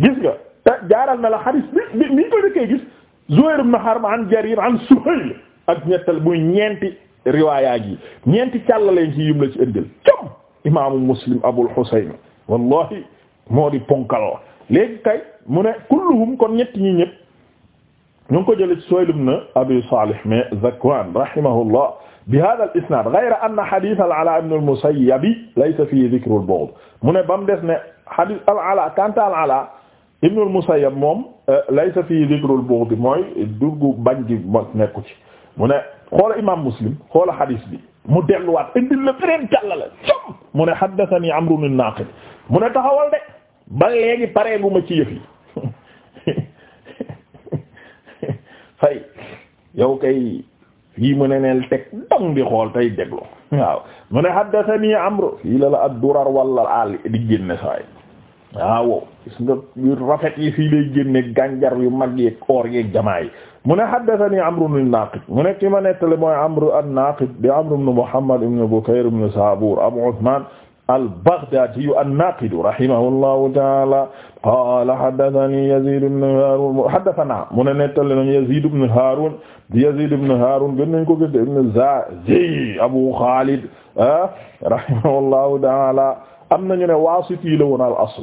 gis nga te jaaral na la xadis bi bi ni ñu ko dëkkee gis Zuhayr ibn Harb an Jarir an Suhayl ak ñettal muy ñeenti riwaayaa gi ñeenti càllaleñ ci yim la ci ëndal com imaamu Muslim Abul Husayn wallahi moo di ponkal la léegi kay mu ne kulluhum kon ñetti ñi ñëpp ñu ngi ko jële ci Suhayl ibn Abi Salih mais Zakwan rahimahullah bi hada al isnad ghayra anna hadith al Ala ibn al Musayyib laysa fihi dhikr al bughd mu ne bam des ne hadith al Ala kanta al Ala Ibnul Musayyab moom euh, laysa fii dhikrul bughd mooy durgu bañ di mag nekku ci mu ne xoola imaam Muslim xoola hadis bi mu delluwaat indil la beneen jàll la jom mu ne haddathanii Amrun an-Naaqid mu ne taxawal de ba léegi paree bu ma ci yëf yi fay yow kay fii mu ne neel teg dong di xool tey déglu waaw mu ne haddathanii Amru fii la la ad-durar wala al di génne saay waaw gis nga yu rafet yi fii lay génne gànjar yu mag yeeg oor yeeg jamaa yi mu ne haddathani Amru an-Naqid mu ne ki ma nettale mooy Amru an-Naqid bi Amru ibn Muhammad ibn Bukayr ibn Sabur Abu Uthman al-Baghdadi an-Naqid rahimahullahu ta'ala qala haddathani Yazid ibn Harun haddathana mu ne nettale nañ Yazid ibn Harun di Yazid ibn Harun gën nañ ko gis ibn Zazi Abu Khalid ah, rahimahullahu ta'ala am nañu ne waasiti la woon al asl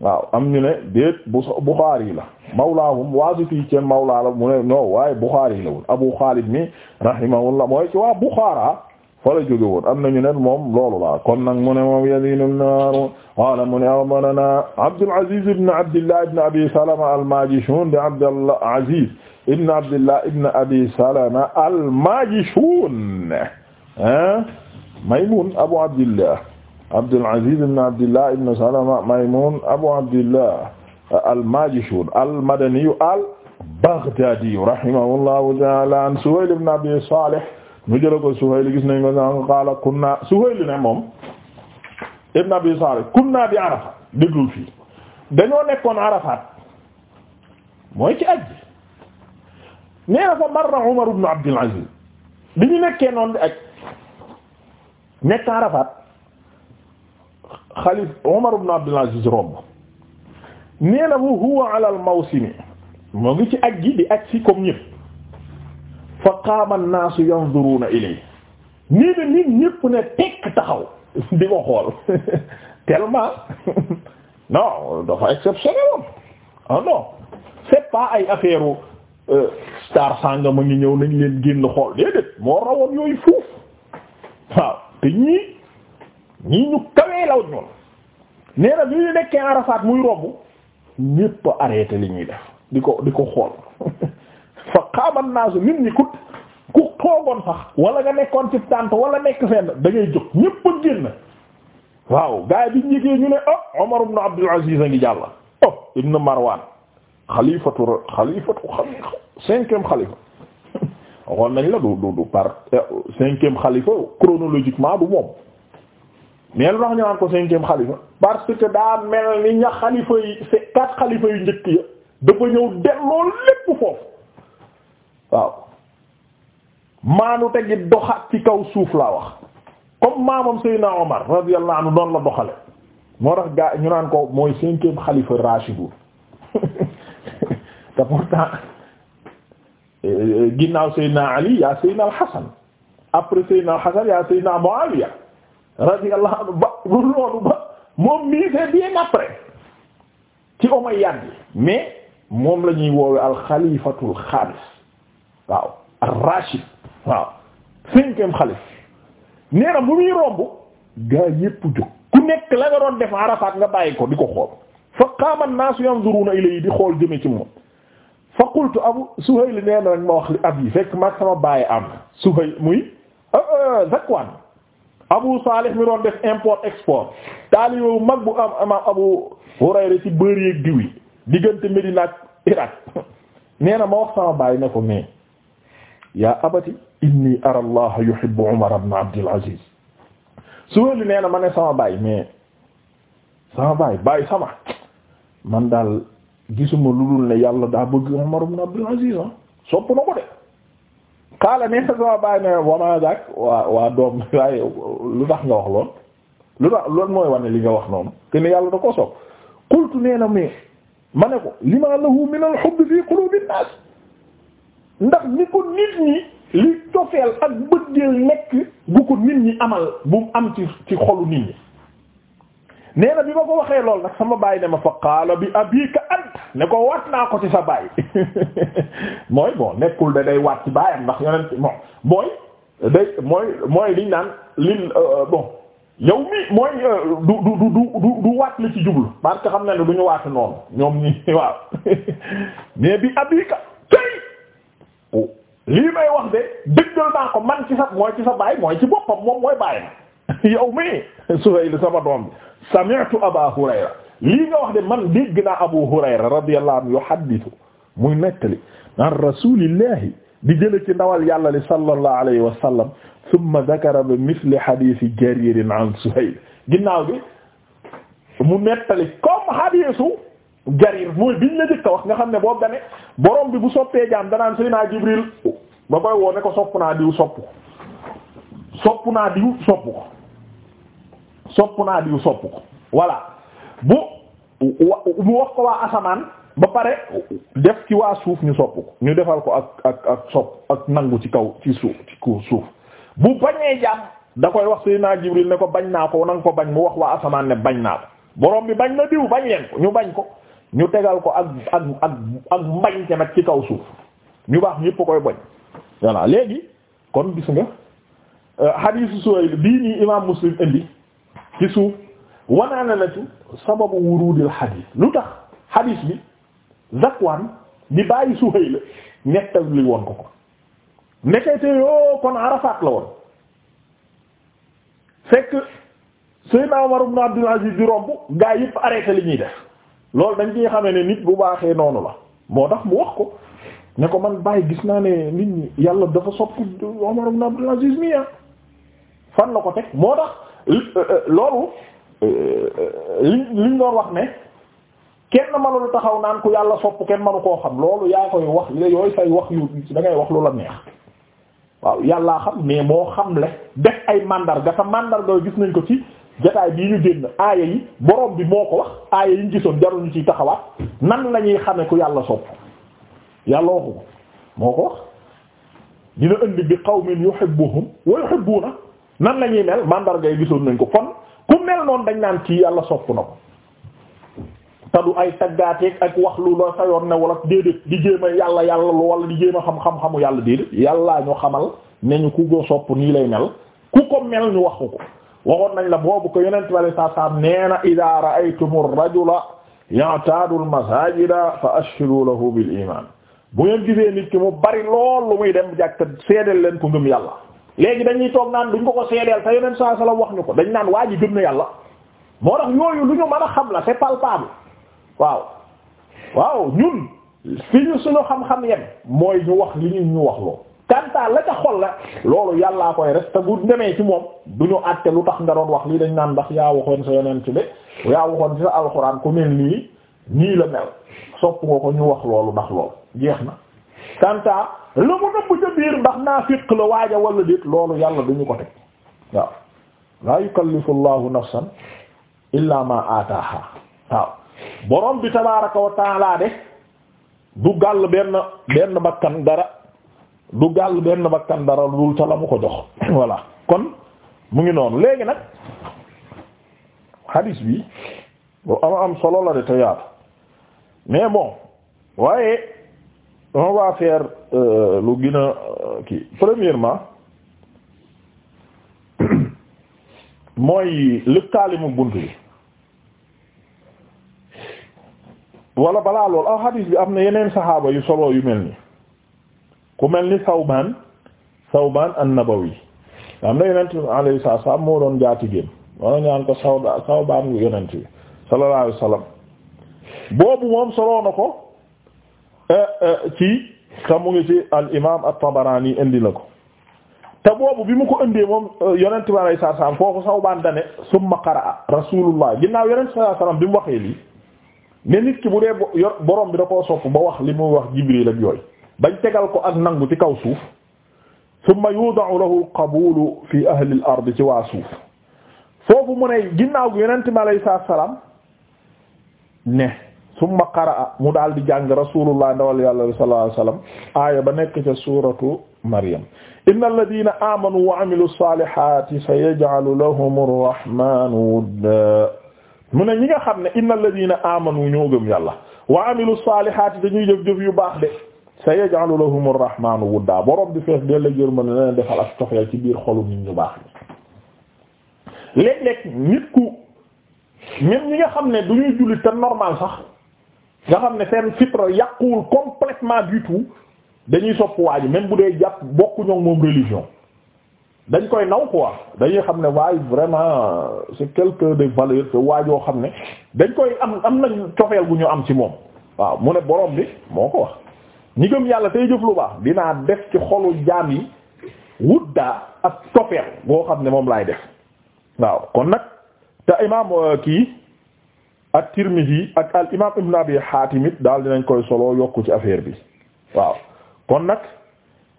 waaw am ñu ne déet Bukhari la mawlaahum waasiti seen mawlaa la mu ne non waaye Bukhari la woon Abu Khalid mi rahimahullah mooy ci waa Bukhara fa la jóge woon am nañu ne moom loolu la kon nag mu ne moom Yaziid ibn Haaruun qaala mu ne akhbaranaa Abdul Aziz ibn Abdillah ibn Abi Salama al-Maajishuun di Abdul Aziz ibn Abdillah ibn Abi Salama al-Maajishuun Maymuun Abu Abdillah Abdul Aziz ibn Abdillah ibn Salama Maymun Abu Abdillah al-Majishun al-Madani al-Baghdadi rahimahullahu ta'ala an Suhayl ibn Abi Salih mu jëla ko Suhayl gis nañ ko sànq qaala kunna Suhayl ne moom ibn Abi Salih kunna bi Arafat déglul fii dañoo nekkoon Arafat mooy ci aj nee na fa marra Umar ibn Abdul Aziz bi ñu nekkee noonu di aj nekk Arafat xalif Umar ibn Abdul Aziz romb nee na huwa ala mawsimi moo ngi ci aj gi di aj si comme ñëpp fa qaama an-naasu yanzuruna ilay nii na nit ñëpp ne tekk taxaw di ko xool tellement non dafa exceptionnel woon ah non c'est pas ay affaire euh, star sanga ma ngi ñëw nañ leen génn xool déedéet moo rawoon yooyu fuuf waaw te ñii ñii ñu kawee law ñoon nee na bi ñu nekkee Arafat muy romb ñépp arrêté li ñuy def di ko di ko xool fa qaama naasu nit ñi ku ku toogoon sax wala nga nekkoon ci tànt wala nekk fenn da jóg ñépp a génn waaw gars yi bi ñu yëgee ñu ne oh Omar ibn Abdul Aziz a ngi jàll oh ibn Marwan xalifatu xalifatu xalifa cinquième xalifa waxoon nañ la du du du par eh, cinquième xalifa chronologiquement du moom mais parce que daa mel ni ña xalifa yi c'est xalifa yu njëkk ya dafa ñëw delloo lépp foofu waaw maanu tegi doxaat ci kaw suuf laa wax comme maamam Seydina Omar radiyallahu anhu doon la doxale moo tax gaa ñu naan ko mooy cinquième xalifa Rashidu te pourtant euh, euh, ginnaaw Seydina Ali yaa Seydina Al après Seydina Al Hasan yaa Seydina Muawiya radiyallahu anhu ba loolu ba moom mii c'est bien après ci Umayyad bi mais moom la ñuy woowe alxalifatul xaamis waaw ar-Rashid waaw cinquième xalif nee na muy romb gaa yépp jóg ku nekk la nga doon def Arafat nga bàyyi ko di ko xool fa qaama an-naasu yanzuruna ilayhi di xool jëme ci moom fa qultu abu Suhayl nee rek ma wax li ab yi fekk maag sama bàyyi am Suhayl muy euh, euh, Zakwaan Abu Salih mi doon def import export taalibu mag bu am Abu Hurayra ci bëri yeeg diw yi diggante Medina ak Irak nee na ma wax sama baay ne ko mais yaa abati inni ara Allah yuhibbu Umar ibn Abdul ma sama baay mais sama baay baay sama man daal gisuma lu dul ne yàlla daa bëgg Umar ibn Abdul Aziz ah sopp na ko de xaala ne sama bàyyi ne waa waa doom lu tax nga wax lool lu tax loolu mooy wane li nga wax noonu te yàlla da koo sopp qultu nee na mais ma ne ko lima lahu min al hubb fi qulubi nas ndax ni ko nit ñi li cofeel ak bëggeel nekk bu ko nit ñi amal bu am ci ci xolu nit ñi nee na bi ma ko waxee lool nag sama baay ne ma fa qaala bi abika ant ne ko wat naa ko ci sa baay mooy bon nekkul da day wat ci baayam ndax yonent bon mooy day mooy mooy liñ naan lil euh, bon yow mi mooy euh, du du du du du waat li ci jublu parce que xam na ne du ñu waat noonu ñoom ñi waaw mais bi abika tey oh, lii may wax de dëggal naa ko man ci sa mooy ci sa baay mooy ci boppam moom mooy baayam yow mi Suhayl sama doom bi sami'tu aba hurayra lii nga wax de man dégg naa abu hurayra radiyallahu anhu yuhaddithu muy nettali an rasulillahi di jële ci ndawal yàlla li sallallahu alayhi wa sallam thumma dhakara bi mithli hadithi jarir an suhayl ginnaaw bi mu nettali comme hadisu jarir mooy biñ la jëkk a wax nga xam ne boobu dane borom bi bu soppee jaam danaan sëy naa jibril ba koy woo ne ko sopp naa diw sopp ko sopp naa diw sopp ko sopp naa diw sopp ko voilà bu mu wax ko waa asamaan ba pare def ci waa suuf ñu sopp ko ñu defal ko ak ak ak sopp ak nangu ci kaw ci suuf suuf bu bañee jàmm da koy wax Seydina Jibril ne ko bañ naa ko nanga ko bañ mu wax waa asamaan ne bañ naa ko borom bi bañ na diw bañ leen ko ñu bañ ko ñu tegal ko ak ak ak ak mbañ te nag ci kaw suuf ñu baax ñëpp koy bañ voilà léegi kon gis nga euh, hadith Suhayl bii nii imaam Muslim indi ci suuf wanaana la ci sababu wurudil xadiis lu tax xadiis bi Zakwaan di bàyyi Suhayl la nettal li woon ko ko nekkete yoo kon Arafaat la woon fekk Seydina Umar na Abdul Aziz di romb gaa yëpp arrêté li ñuy def loolu dañ ciy xamee ne nit bu baaxee noonu la moo tax mu wax ko ne ko man bàyyi gis naa ne nit ñi yàlla dafa sopp Umar ibn Abdul Aziz mi ah. fan la ko teg moo tax Euh, euh, loolu euh, li liñ doon wax ne kenn mënul taxaw naan ku yàlla sopp kenn mënu koo xam loolu yaa koy wax yooyu say wax yu da ngay wax lu la neex waaw yàlla xam mais moo xam le def ay mandarga te mandarga gis nañ ko ci jataay bii ñu génn aaya yi boroom bi moo ko wax aaya yi ñu gisoon jarul ñu taxawaat nan lañuy ñuy xamee ku yàlla sopp yàlla waxu ko moo ko wax dina indi bi qawmin yuhibbuhum wa yuhibbuna nan la ñuy mel mandarga yi gisoon nañ ko kon ku mel noonu dañ naan ci yàlla sopp na ko te du ay taggaateeg ak wax lu la sa yoon ne wala déedéet di jéem yàlla yàlla lu wala di a xam-xam-xamu yàlla déedéet yàllaa ñu xamal ne ñu ku ko sopp nii lay mel ku ko mel ñu wax ko waxoon nañ la boobu ko yonent wale saa saam nee na ida ra'aytumu rajula ya'tadu al-masajida fa ashhidu lahu bil iman bu ngeen gisee nit ki mu bari lool lu muy dem jàkk seedeel leen ko ngëm léegi dañuy toog naan duñ ko ko seedeel te yeneen saa sala wax ñu ko dañ naan waa ji gëm na yàlla moo tax yooyu lu ñu mën a xam la c'est palpable waaw waaw ñun fi ñu suñu xam-xam yem mooy ñu wax li ñu ñu wax loo kantaa la ca xol la loolu yàllaa koy res te bu demee ci moom du ñu àtte lu tax nga doon wax lii dañ naan ndax yaa waxoon sa yonent bi yaa waxoon ci sa alxuraan ku mel nii nii la mel sopp nga ko ñu wax loolu ndax loolu jeex na kanta la mu nëbb ca biir ndax naafiq la waaja wala déet loolu yàlla du ñu ko teg waaw laa yukallifu nafsan illa ma ataaha waaw borom bi tabaraka wa taala de du gàll benn benn bakkan dara du gàll benn bakkan dara dul ca la mu ko dox voilà kon mu ngi noonu léegi nag hadis bi bu am am solo la de te yaatu mais bon waaye on va faire euh, lu gën a euh, premièrement mooy lëkkaalimu bunt bi wala balaa lool aw ah, xadiis bi am na yeneen saxaaba yu solo yu mel ni ku mel ni Sawbaan Sawbaan an-Nabawi am na yonent alayhi salaam moo doon jaatigéem wala ñaan ko Sawbaan Sawbaan gu yonent bi sallallahu alayhi boobu moom solo na ko Euh, euh, ci te mu ngi ci al imaam at-Tabarani indi na ko te boobu bi mu ko indee moom euh, yonent bi alayhi salaam foofu Sawbaan dane summa qara'a rasulullah ginnaaw yonent sallallahu bi mu waxee lii ne nit ki bu dee borom bi da koo sopp ba wax li mu wax Jibril ak yooyu bañ tegal ko ak nangu ci kaw suuf summa yuda'u lahu al-qabulu fi ahli ard ci waa suuf foofu mu ne ginnaaw gi yonent bi alayhi salaam ne summa qaraa mu daal di jàng rasulullah ndawal yàlla sallallahu alayhi wasallam aaya ba nekk ca suratu maryam inna alladina amanu wa amilu salihati sayaj'alu lahum arrahmanu wudda mu ne ñi nga xam ne inna alladina amanu ñoo gëm yàlla wa amilu salihati dañuy jëf jëf yu baax de sayaj'alu lahum arrahmanu wudda borom bi fees della jërmën ne leen defal ak toxeel ci biir xolu nit ñu baax léeg-léeg nit ku même ñi nga xam ne duñuy julli te normal sax nga xam ne seen fitra yàquwul complètement du tout dañuy sopp waa ji même bu dee jàpp bokku ñoom moom religion dañ koy naw quoi dañuy xam ne waaye vraiment euh, c'est quelque de valeur te waajoo xam ne dañ koy am am nañ cofeel bu ñu am ci moom waaw mu ne borom bi moo ko wax ñi gëm yàlla tey jëf lu baax dinaa def ci xolu jaam yi wuddaa ak cofeel boo xam ne moom laay def waaw kon nag te imaam euh, kii at yi ak al imaam Ibn Abi Hatim daal dinañ koy solo yokk ci affaire bi waaw kon nag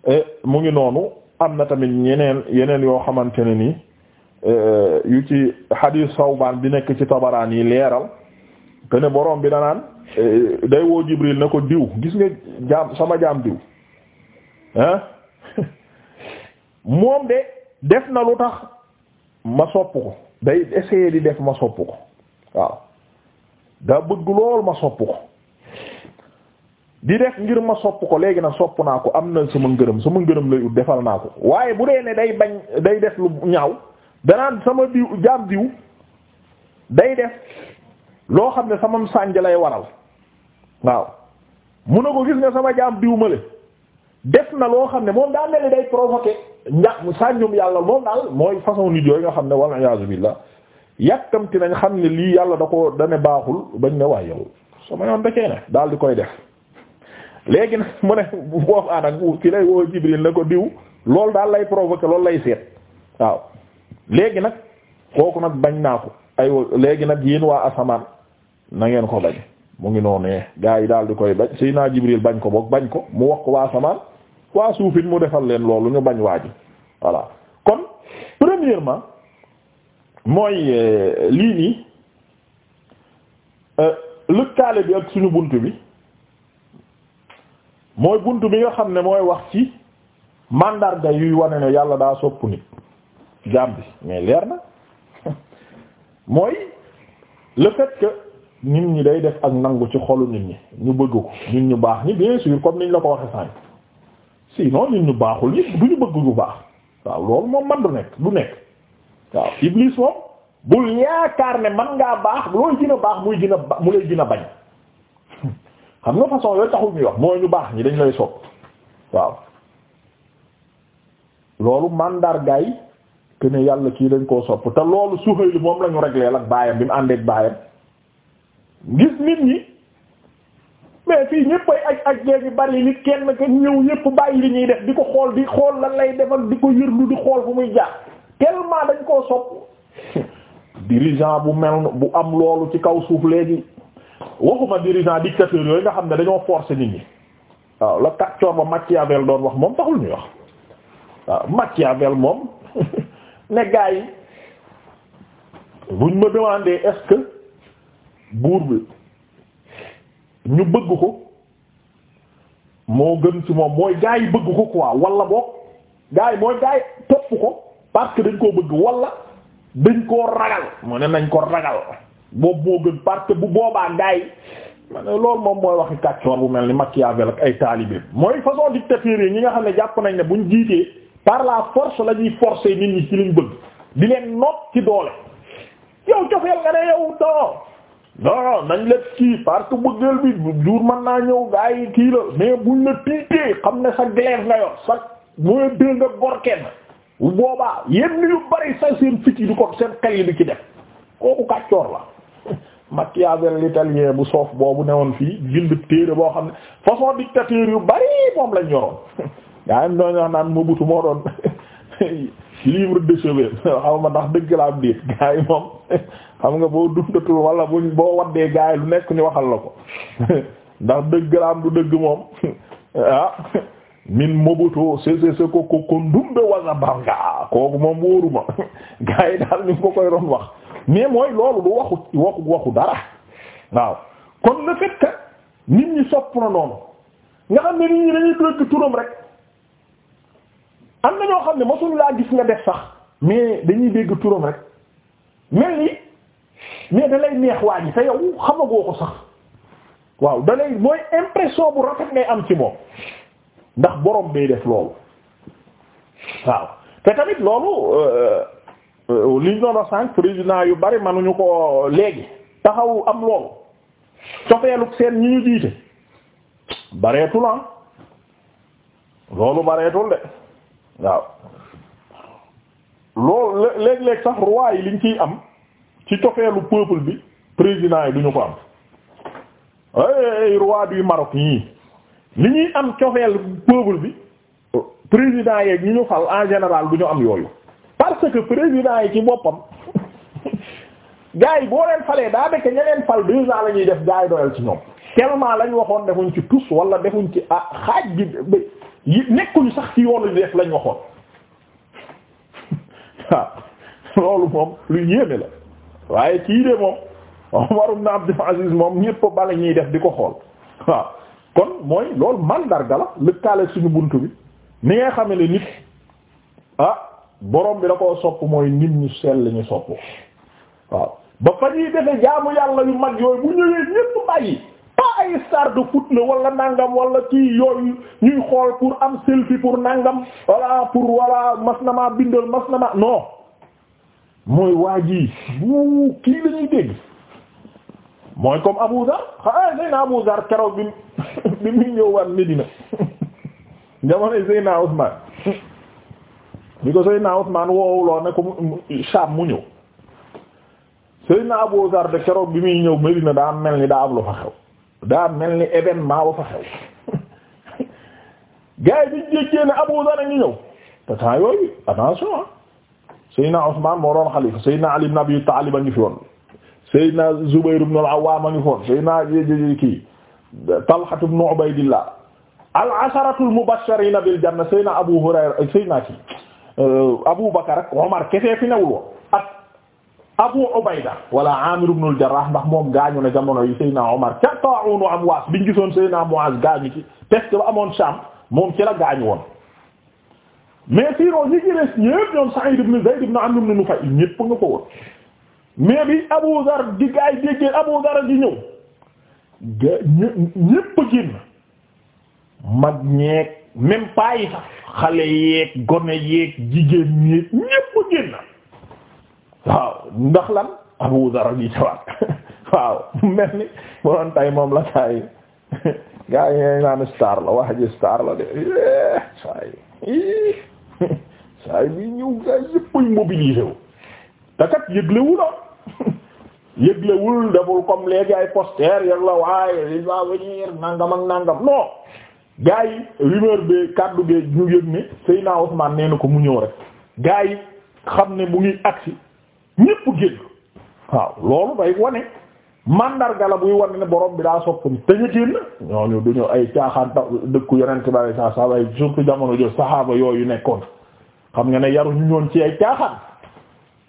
e, mu ngi noonu am na tamit yeneen yeneen yoo xamante ne ni e, yu ci hadith Sawbaan bi nekk ci Tabaraan yi leeral te ne borom bi na naan e, day woo Jibril ne ko diw gis nga jaam sama jaam diw ah moom de def na lu tax ma sopp ko day essayer di def ma sopp ko waaw. daa bëgg lool ma sopp ko di def ngir ma sopp ko léegi nag sopp naa ko am na sama ngërëm sama ngërëm lay ut defal naa ko waaye bu dee ne day bañ day def lu ñaaw danaan sama diw jaam diw day def loo xam ne samam sànj lay waral waaw mun na ko gis nga sama jaam diw la def na loo xam ne moom daa mel ni day provoquer ña sànjum yàlla moom daal mooy façon nit yooyu nga xam ne wal iyaazu billah yàkkamti nañ xam ne lii yàlla da ko dane baaxul bañ ne waay yow sama yoon da daal di koy def léegi nag mu ne boobu ànd bu ci lay woo Jibril na ko diw loolu daal lay provoquer loolu lay seet waaw léegi nag kooku nag bañ naa ko aywa léegi nag yéen waa asamaan na ngeen ko bañ mu ngi noonee gaa yi daal di koy bañ sëy naa Jibril bañ ko boog bañ ko mu wax ko waa asamaan waa suufin mu defal leen loolu ñu bañ waaj voilà kon premièrement. mooy euh, lii nii euh, lëkkaale bi ak suñu bunt bi mooy bunt bi nga xam ne mooy wax ci mandarga yuy wane ne yàlla daa sopp nit jaam bi mais leer na mooy le fait nit ñi day def ak nangu ci xolu nit ñi ñu bëgg ko nit ñu baax ñi bien sûr comme niñ la ko waxe sànq nit ñu baaxul ñi du ñu bëgg bu baax waaw loolu moom man du nekk du nekk waaw iblis moom bu yaakaar ne man ngaa baax looy gën a baax muy gën a ba mu lay gën bañ xam nga façon yooyu taxul ñuy wax mooy ñu baax ñi dañ lay sopp waaw loolu mandargaay te ne yàlla kii dañ koo sob te loolu Suhayl moom la ñu réglé ak baayam bi mu àndeek baayam gis nit ñi mais fii ñëpp ak ak aj géegi bari nit kenn ka ñëw ñëpp bàyyi li ñuy def di ko xool di xool lan lay defal di ko yërlu di xool fu muy jaar tellement dañ koo sopp dirigeant bu mel bu am loolu ci kaw suuf léegi waxuma dirigeant dictateur yooyu nga xam ne dañoo forcer nit ñi waaw la kaccoor ba Machiavel doon wax moom taxul ñuy wax waaw Machiavel moom ne gaa yi buñ ma demandé est-ce que buur bi ñu bëgg ko moo gën ci moom mooy gaa yi bëgg ko quoi wala boog gaa yi mooy gaa yi topp ko parce que dañ koo bëgg wala dañ koo ragal mu ne nañ ko ragal boobu moo gën parce que bu boobaa gaay ma ne loolu moom mooy waxi kàccoor bu mel ni Machiavel ak ay taalibe mooy façon dictateur yi ñi nga xam ne jàpp nañ ne buñ jiitee par la force la ñuy forcer nit ñi ci liñ bëgg di leen noot ci doole yow cofeel nga ne yow non non nañ la kii parce que bëggeel bi jur mën naa ñëw gaay yi kii la mais buñ la tiitee xam ne sa glaive nga yor sa mooy dée nga gor kenn boobaa yenn yu bari sa seen fit yi du ko seen xel yi du ci def kooku kàccoor la Machiavel l'italien bu soof boobu newoon fii bind téere boo xam ne façon dictateur yu bari moom lañ yoroon yaa ngi doon naan Mobutu moo doon livre de chevet ma ndax dëgg la am yi moom xam nga boo dundatul wala boo waddee gaa yi lu nekk ñu waxal la ko ndax dëgg la am du dëgg moom ah. min mobuto sesese ko ko ko ndumbe wasa banga kooku moom wóoruma gaa yi daal ni nga koy doon wax mais mooy loolu du waxu waxu waxu dara waaw kon le fait nit ñi sopp na noonu nga xam ne nit ñi dañuy dégg turam rek am na ñoo xam ne mosul laa gis nga def sax mais dañuy dégg turam rek mel ni mais da neex waa ji te yow xamagoo ko sax waaw da mooy impression bu rafet ngay am ci moom ndax borom bay def loolu waaw te tamit loolu euh, euh, liñ doon a sànq président yu bari ñu ko léegi taxaw am loolu cofeeluk seen ñi ñu jiite bareetul ah loolu bareetul de waaw loolu léeg-léeg sax roi liñ ciy am ci cofeelu peuple bi président yi duñu ko am ay roi du Maroc yii li ñuy am cofeel peuple bi président yeeg ñu ñu fal en général bu ñu am yooyu parce que président yi ci boppam gars yi boo leen falee daa nekk ña fal deux ans la ñuy def gars yi doyal ci ñoom tellement lañ waxoon defuñ ci tous wala defuñ ci ah xaaj bi nekkuñu sax ci yoonu def lañ waxoon waaw loolu moom lu yéeme la waaye kii de moom Umar ibn Abdul Aziz moom ñépp bala ñuy def di ko xool waaw kon mooy loolu mandarga la lëkkaale suñu bunt bi ni ngay xame ne nit ah borom bi da koo sopp mooy nit ñu sell ñu sopp waaw ba fa ñuy defe jaamu yàlla yu mag yooyu bu ñëwee ñépp bàyyi pas ay star de foot la walla nàngam wala kii yooyu ñuy xool pour am selfie pour nangam wala pour wala mas na maa bindal mas na maa non mooy waa ji kii lañuy dégg mooy comme Abu Dhar xanaa Seyna Abu Dhar keroog bi bi muy ñëw war Medina jamono Seyna Usman mu ñëw Seyna Abu de keroog bi muy ñëw Medina daa mel ni daa am lu fa xew daa mel ni événement ba fa xew gars yi biñ jéggee ne Abu Dhar ñëw te temps yooyu attention ah. Seyna Usman moo doon xalifa Seyna Ali ibn Abi a ngi fi woon Seydina Zubayr ibn al-Awwam a ngi foon Seydina kii Talha al-asharatul bil janna Seydina Abu Hurayra Seydina kii euh, Abu Bakar Abu Ubayda wala Amir ibn jarrah ndax moom gaañu na jamono yi Seydina Omar ca ba amoon Sham moom ci la gaañu woon mais sinon ñi ci des ñépp ñoom Sa'id ibn Zayd ibn Amr nga ko mais bi Abu Zar di gaay déggee Abu Zar di ñëw ñépp génn mag ñeeg même pas sax xale yeeg gone yeeg jigéen ñeeg ñépp génn waaw ndax lan Abu Zar di tawaat waaw mel ni bu doon tay moom la saa yi gaa yi ñooy naan star la wax ji star la de eh, saa yi saa yi ñëw gaa yépp mobilisé wu te kat yëglewul deful comme léegi ay poster yëg la waaye il va venir ak nangam non gars yi rumeur bi kaddu gi ñu yëg ne Seyna Ousmane nee na ko mu ñëw rek gaa yi xam ne mu ngi aksi ñépp génn waaw loolu day wane mandarga la buy wane ne borom bi daa soppani te ñu génn ñooñu duñu ay caaxaan dëkku yonent bari saa saa waaye surtout jamono jo saxaaba yooyu nekkoon xam nga ne yaruñu ñoon ci ay caaxaan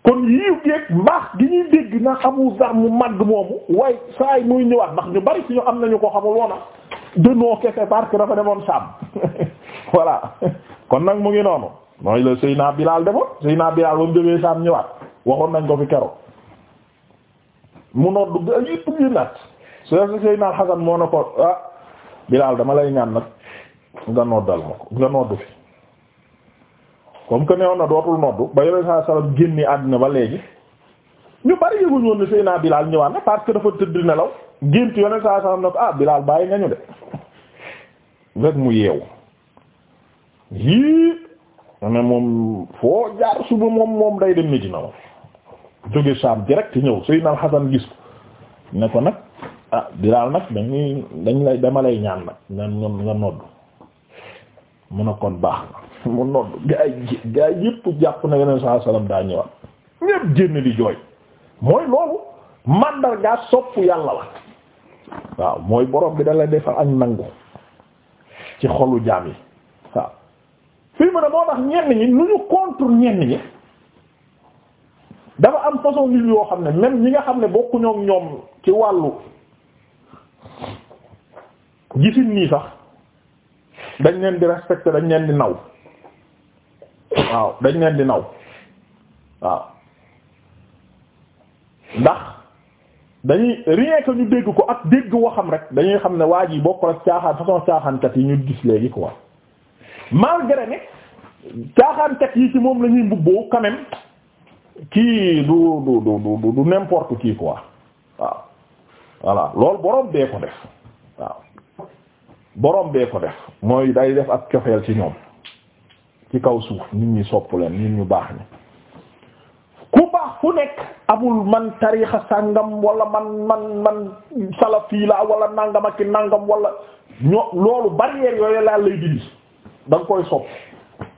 kon yiiw geeg mbaax gi ñuy dégg na Abu Zar mu màgg moomu waaye saa yi muy ñëwaat ndax ñu bari ci ñu am nañu ko xamul woona dënoo kese parce dafa demoon Saam voilà kon nag mu ngi noonu mooy la naa Bilaal demoon Seyna Bilaal ba mu jógee Saam ñëwaat waxoon nañ ko fi keroog mu noor dugg ak yëpp ñu naat Seyna Al Hasan moo ne ko ah, Bilaal dama lay ñaan nag nga noddal ma ko nga noddu fi. comme que neewoon na dootul noddu ba yore saa salaam génni àddina ba léegi ñu bari yëguñu woon ne Seyna Bilal ñëwaat na parce que dafa tëdd nelaw gént yore saa salaam ne ko ah Bilal mu yeewu yii ne moom moom day dem Medina moom jóge Saam ñëw Seyna Al ko nag ah dañuy dañ lay dama lay ñaan nag nga noddu mun a kon baax na. mu nodd gaa yi gaa yi yëpp jàpp na yeneen saa salaam daa ñëwaat ñëpp génn di jooy mooy loolu mandarga sopp yàlla la waaw mooy borom bi da la defal ak nangu ci xolu jaam yi waaw fii mu ne moo tax ñenn ñi nu ñu contre ñenn ñi dafa am façon nit yoo xam ne même ñi nga xam ne bokkuñoo ak ñoom ci wàllu gisin nii sax dañ leen di respecté dañ leen di naw waaw dañ leen di naw waaw ndax dañuy rien que ñu dégg ko ak dégg waxam rek dañuy xam ne waa ji bokk rek caaxaan façon caaxaankat yi ñu gis léegi quoi malgré ne caaxaankat yi ci moom lañuy ñuy mbubboo quand kii du du du du du n'importe qui quoi waaw voilà loolu boroom bee ko def waaw boroom bee ko def mooy day def ak cofeel ci ñoom ci kaw suuf nit ñi sopp leen nit ñu baax ñi ku baax ku nekk amul man tariixa sàngam walla man man man salafi la wala nàngam ak nàngam wala ñoo loolu barrière yooyu laa lay dindi da koy sopp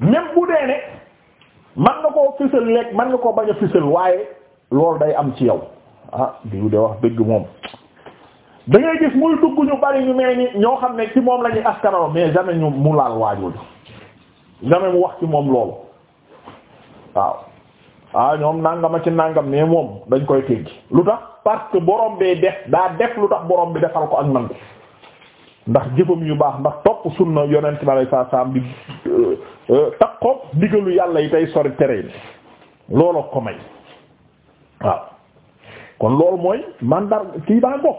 même bu dee ne man nga koo fisal lekk man nga koo bañ a fisal waaye loolu day am ci yow ah diw de wax dëgg moom da ngay gis muy dugg ñu bari ñu mel ni ñoo xam ne ci moom la ñuy askanoo mais jamais ñu mu laal waajooju nga même wax ci moom loolu waaw ah ñoom nangama ci nangam mais moom dañ koy tëgg lu tax parce que borom bee def daa def lu tax borom bi defal ko ak nangu ndax jëfam yu baax ndax topp sunna yonent bi alayhi salaam bi euh, euh, takkook digalu yàlla yi tey sori tere yi looloo ko may waaw kon loolu mooy màndar kii baa bokk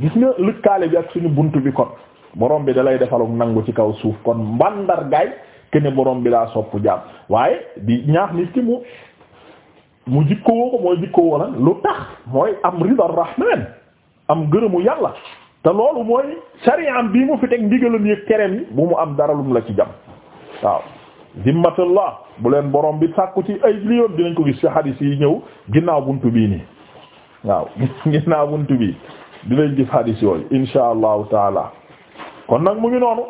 gis nga lëkkaale bi ak suñu bunt bi kon borom bi dalay defal ak nangu ci kaw suuf kon mandargaay ne borom bi laa sopp jàpp waaye di ñaax nit ki mu mu jikkoo ko mooy jikkoo wala lu tax mooy am ridar rahman am gërëmu yàlla te loolu mooy sariyaam bii mu fi teg ndigalam yëg tereem yi bu mu am dara lum la ci jam waaw zimmatullah bu leen borom bi sàkku ci ay liyoon dinañ ko gis ci hadis yi ñëw ginnaaw buntu bii nii waaw ginnaaw buntu bii dinañ gis hadis yooyu insha allahu taala kon nag mu ngi noonu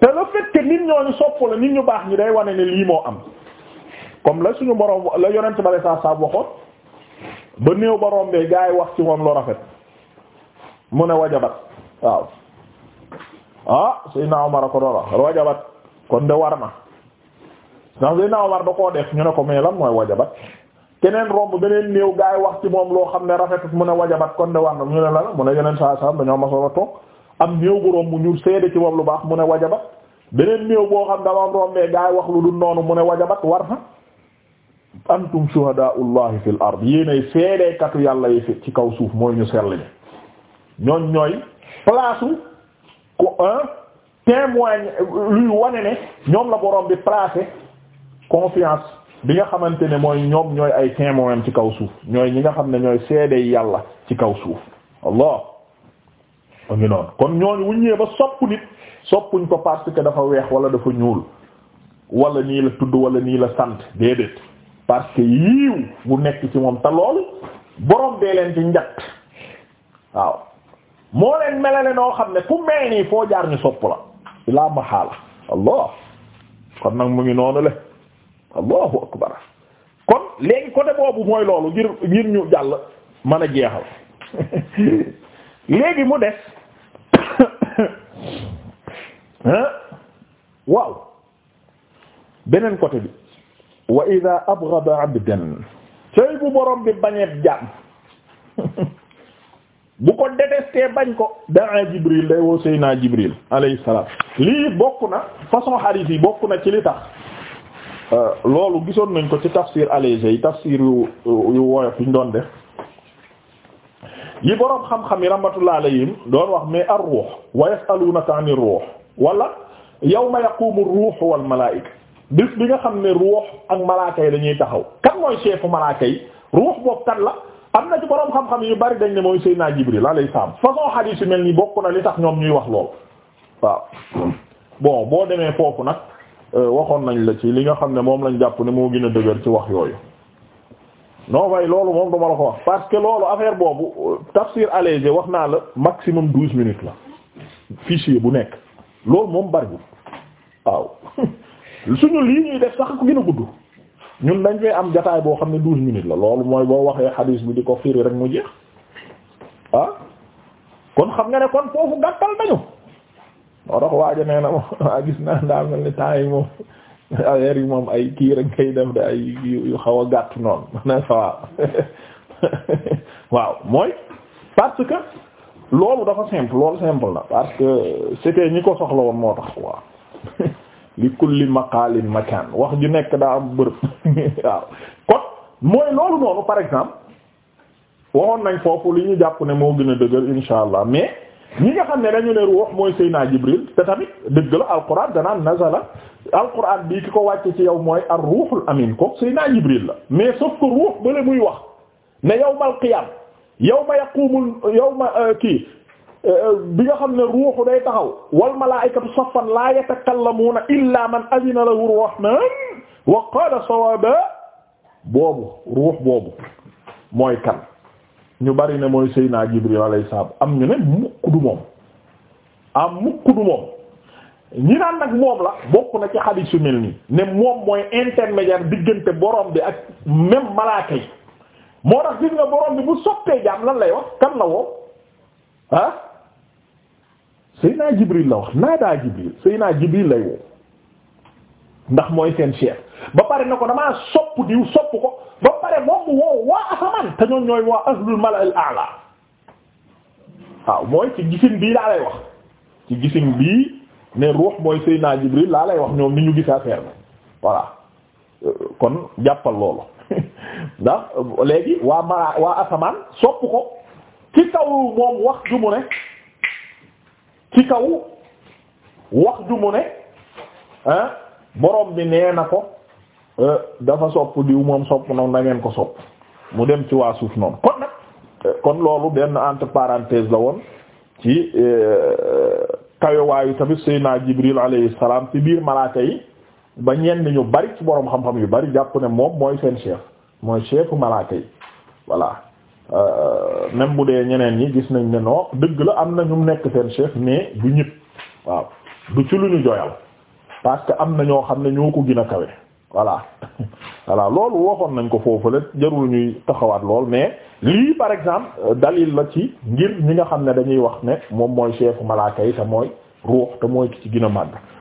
te la fait que nit ñooñu sopp la nit ñu baax ñi day wane ne lii moo am comme la suñu borom la yonent ba saa saa waxoon ba néew ba rombee gaa yi wax ci moom loo rafet mu ne wajabat waaw ah Seydina Omar a ko doon wax wajabat kon de war na ndax Seydina Omar da koo def ñu ne ko mais lan mooy wajabat keneen romb beneen néew gaa yi wax ci moom loo xam ne rafetut mu ne wajabat kon de war na ñu ne la la mu yeneen saa saa dañoo ma soog toog. am néew bu romb ñu seede ci moom lu baax mu ne wajabat beneen néew boo xam dafa am rombee gaay wax lu du noonu mu ne wajabat war na antum shuhadaa'ullahi fil ard yéenay seedeekatu yàlla yi ci kaw suuf mooy ñu sell ñi ñooñ ñooy place ko un témoin luy wane ne ñoom la borom bi placé confiance bi nga xamante ne mooy ñoom ñooy ay témoin ci kaw suuf ñooy ñi nga xam ne ñooy seede yàlla ci kaw suuf Allah mu ngi noonu kon ñooñu wuññee ba sopp nit ko parce dafa weex wala dafa ñuul wala nii la tudd wala nii la sant déedéet parce bu nekk ci moom te loolu borom dee leen ci noo xam ne ku foo jaar ñu la ilaa maxaala allah kon mu ngi noonu allahu akbar kon léegi côté boobu mooy loolu ngir ngir ñu jàll man a jeexal léegi mu des waaw beneen côté bi wa ida abghada abdan cëy bu borom bi bañeeb jaam bu ko détesté bañ ko daa jibril day woo sëy naa jibril alayhi salaam lii bokk na façon hadith yi bokk na ci li tax euh, loolu gisoon nañ ko ci tafsir alayhi yi tafsir yu yu woyof yu doon def yi boroom xam-xam yi rahmatullah alayhim doon wax mais ar ruux wa yasalunaka ani ruux wala yawma yaqumu ruux wal malaa'ika bis bi nga xam ne ruux ak malaaka yi dañuy taxaw kan mooy chefu malaaka yi ruux boobu kan la am na ci boroom xam-xam yu bari dañ ne mooy Seydina Jibril alayhi salaam façon xadiis yu mel ni bokk na li tax ñoom ñuy wax lool waaw bon boo demee foofu nag euh, waxoon nañ la ci li nga xam ne moom lañ jàpp ne moo gën a dëgër ci wax yooyu non waaye loolu moom dama la ko wax parce que loolu affaire boobu tafsir allégé wax naa la maximum douze minutes la fichier bu nekk loolu moom bariwul waaw suñu lii ñuy def sax ko gën a gudd ñun dañ fay am jataay boo xam ne douze minutes la loolu mooy boo waxee xadiis bi di ko firi rek mu jeex ah kon xam nga ne kon foofu gàttal dañu moo tax waaja nee na moom waa gis naa ndaa mel ni temps yi moom affaire yi moom ay kii rek kay def de ay yu xaw a gàtt noonu na sawa waaw mooy parce que loolu dafa simple loolu simple na parce que c'était ñi ko soxla woon moo tax waaw li kulli maqaalin makaan wax ju nekk daa am bërëb waaw kon mooy loolu noonu par exemple waxoon nañ foofu li ñu jàpp ne moo gën a dëgër insha allah mais ñi nga xam ne dañu ne ruux mooy Seydina Jibril te tamit dëgg la alquran danaan nazala alquran bii ki ko wàcce ci yow mooy ar ruuxul amin ko Seydina Jibril la mais sauf que ruux bale muy wax ne yawmal qiyam yawma yaqumul yawma euh, kii euh, bi nga xam ne ruuxu day taxaw wal malaa'ikatu saffan laa yatakallamuuna illaa man adina lahu rahmaan wa qaala sawaaba boobu ruux boobu mooy kan ñu bari ne mooy sëy naa Jibril alayhi salaam am ñu ne mukk du moom am mukk du moom ñi nag moom la bokk na ci xadiis yu mel nii ne moom mooy intermédiaire diggante boroom bi ak même malaaka yi moo tax gis nga borom bi bu soppee jaam lan lay wax kan la woo ah Seydina Jibril la wax naadaa Jibril Seydina Jibril lay woo ndax mooy seen chef ba pare na ko damaa sopp diw sopp ko ba pare moom mu woo waa asamaan te ñoom ñooy waa ahlul mala al a'la waaw mooy ci gisin bii laa lay wax ci gisin bii ne ruux mooy Seydina Jibril laa lay wax ñoom ni ñu gis affaire bi voilà kon jàppal loolu ndax léegi waa mala waa asamaan sopp ko ci kaw moom wax ju mu ne ci kaw wax ju ne ah borom bi nee na ko euh, dafa sopp diw moom sopp noonu na ngeen ko sopp mu dem ci waa suuf noonu kon nag euh, kon loolu benn entre la woon ci kayowaayu euh, tamit Seydina Jibril alayhi salaam ci biir malaaka yi ba ñenn ñu bari ci borom xam-xam yu bari jàpp ne moom mooy seen chef mooy chefu malaaka yi voilà même bu dee ñeneen yi gis nañ ne noo dëgg la am na ñu nekk seen chef mais du ñëpp waaw du ci lu ñu joyal parce que am na ñoo xam ne ñoo ko gën a kawe voilà voilà loolu waxoon nañ ko foofu la jarul ñuy taxawaat lool mais lii par exemple euh, dalil la ci ngir ñi nga xam ne dañuy wax ne moom mooy chefu malaaka yi mooy ruux te mooy ki ci gin a màgg